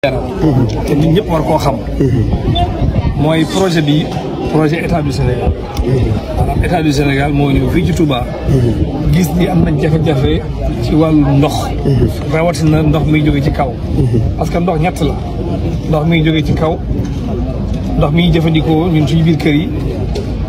te nit ñëpp war koo xam mooy projet bi projet état du Sénégal maanaam état du Sénégal moo ñëw fii ci Touba gis ni am nañ jafe-jafe ci wàllu ndox rawatina ndox miy jóge ci kaw parce que ndox ñett la ndox miy jóge ci kaw ndox miy jëfandikoo ñun suñu biir kër yi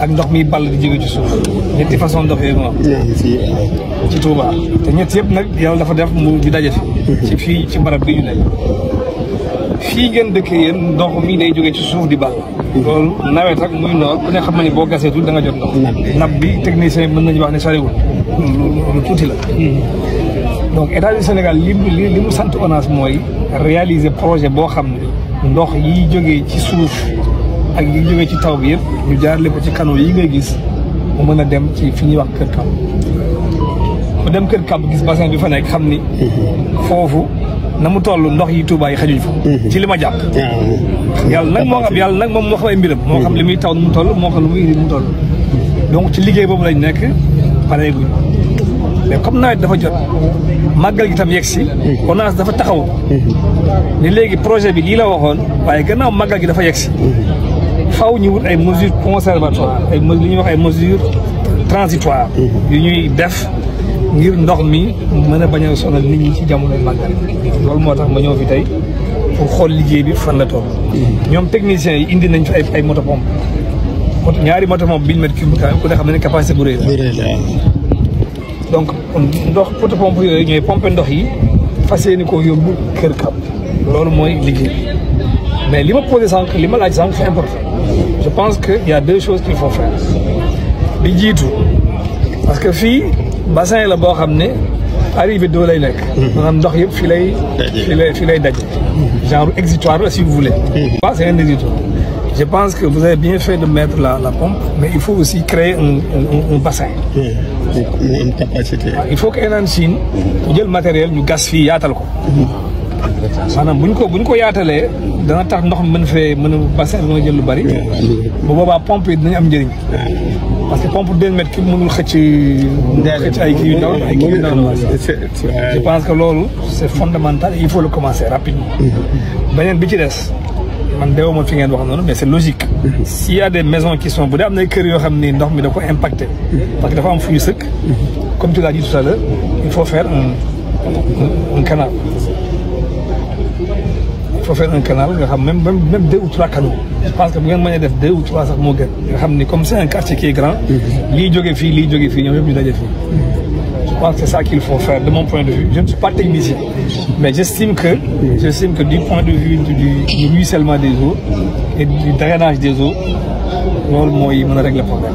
ak ndox miy ball di jóge ci suuf ñetti façon ndox yooyu moom ci Touba te ñett yëpp nag yàlla dafa def mu ñu daje fi ci fii ci barab bi ñu ne fii ngeen dëkk yéen ndox mi nay jógee ci suuf di ball loolu nawet ak muy noor ku ne xam na ni boo gasee tuuti da nga jot ndox nab bi technicien yi mën nañu wax ne sariwul lu tuuti la hmm. donc état du Sénégal li mu sant ONAS mooy réaliser projet boo xam ne ndox yi jógee ci suuf ak yi jógee ci taw bi yëpp ñu jaarale ko ci canaux yi ngay gis mu mën a dem ci fi ñuy wax kër kàmb mu dem kër kàmb gis bassin bi fa nekk xam ni hmm. foofu na mu toll ndox yi Touba yi xajuñ fa mhm. ci li ma jàpp ah, ah. yàlla nag moo xam yàlla nag moom moo xam ay mbiram moo xam mhm. li muy taw nu mu toll moo xam lu muy indi nu mu toll donc ci liggéey boobu lañu nekk pareeguñ mais comme nawet dafa jot màggal gi tam yegg si mhm. ONAS dafa taxaw ne léegi projet bi lii la waxoon waaye gannaaw màggal gi dafa yegg si faw ñu wut ay mesures conservatoires ay li ñuy wax ay mesures transitoires yu ñuy def ngir ndox mi mën a bañ a sonal nit ñi ci jamono màggal loolu moo tax ma ñëw fi tey pour xool liggéey bi fan la toll. Hmm. ñoom techniciens yi indi nañ fi ay ay moto pompe ñaari moto pompe mille mètres cube ku ne xam ne capacité bu rëy la donc ndox poto pompe yooyu ñooy pompe ndox yi fas yéene koo yóbbu kër kab loolu mooy liggéey mais li ma posé sànq li ma laaj sànq c'est important je pense que y a deux choses qu'il faut faire bi jiitu parce que fii bassin la bo xamné arrivé do lay nekk. maanaam ndox yëpp fi lay. fi lay genre exitoire si vous voulez. waaw hmm. c'est un exitoire. je pense que vous avez bien fait de mettre la, la pompe, mais il faut aussi créer un, un, un, bassin. Hmm. une capacité. Ah, il faut qu'un en Chine, nous le matériel, nous fi yatal ko. maanaam buñ ko buñ ñu ko yaatalee dana tax ndox mi mën fee mën a bassin bi jël lu bari. Hmm. bu boobaa pompe yi am njëriñ parce que pompe deux mètres ki mënul xëcc. xëcc ay kii yu ndaw je pense que l'eau c'est fondamental il faut le commencer rapidement. Mm-hmm. beneen bi ci dess. man deewuma fi ngeen wax mais c'est logique. Mm-hmm. s'il il y a des maisons qui sont bu dee am curieux kër yoo xam ni ndox mi mm-hmm. parce que dafa am fu comme tu l'as dit tout à l'heure il faut faire un un canal faut faire un canal même même deux ou trois canaux je pense que deux ou trois comme c'est un quartier qui est grand les gens qui lii jóge fii sont yëpp je pense que c'est ça qu'il faut faire de mon point de vue je ne suis pas technicien mais j'estime que que du point de vue du, ruissellement des eaux et du drainage des eaux on a réglé règle problème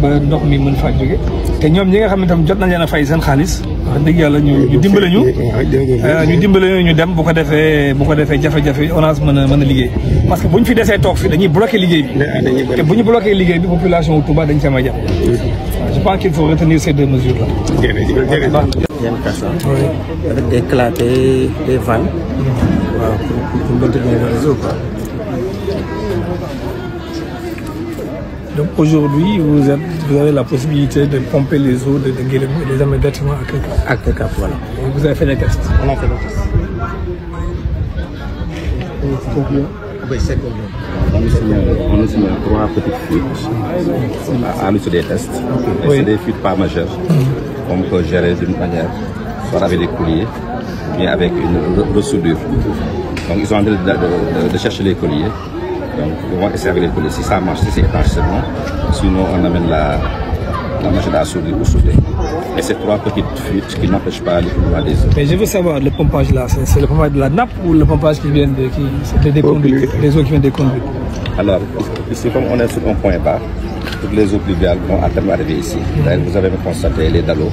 ba ndox mi mën faa jóge te ñoom ñi nga xam ne tam jot nañ leen a fay seen xaalis wax dëgg yàlla ñu ñu dimbale ñu euh, ñu dimbale ñu dem bu ko defee bu ko defee jafe-jafe ONAS mën a mën a liggéey parce que bu ñu fi desee toog fi dañuy bloqué liggéey bi te bu ñu bloqué liggéey bi population wu Touba dañ sama jàpp je pense qu'il faut retenir ces deux mesures là des clats des vannes mm-hmm. Donc aujourd'hui, vous, avez la possibilité de pomper les eaux de, de les immédiatement à Kakap. À vous avez fait les tests. On a fait le tests. Ah ben, on a on trois petites fuites à, l'issue des tests. C'est des fuites pas majeures mhm. On peut gérer d'une manière, soit avec des colliers, mais avec une ressoudure. Donc ils sont en train de chercher les colliers. Donc, on va essayer avec les policiers. Si ça marche, si c'est étanche, Sinon, on amène la, la machine à souder ou souder. Et ces trois petites fuites qui n'empêchent pas les eaux. Mais je veux savoir, le pompage là, c'est le pompage de la nappe ou le pompage qui vient de, qui, des, les eaux qui viennent des conduits. Alors, ici, comme on est sur un point bas, toutes les eaux pluviales vont à terme arriver ici. Vous avez constaté, les dallots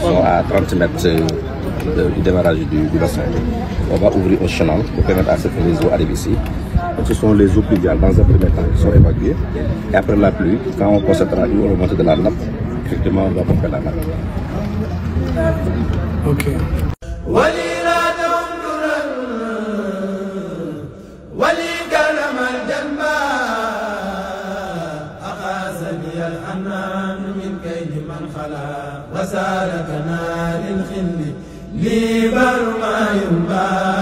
sont à 30 mètres du démarrage du, bassin. On va ouvrir un chenal pour permettre à cette eau d'arriver eaux ici ce sont les eaux pluviales dans un premier temps qui sont évacuées. Et après la pluie, quand on constatera on remontée de la nappe, effectivement, on va pomper la nappe. Ok. نار الخل لي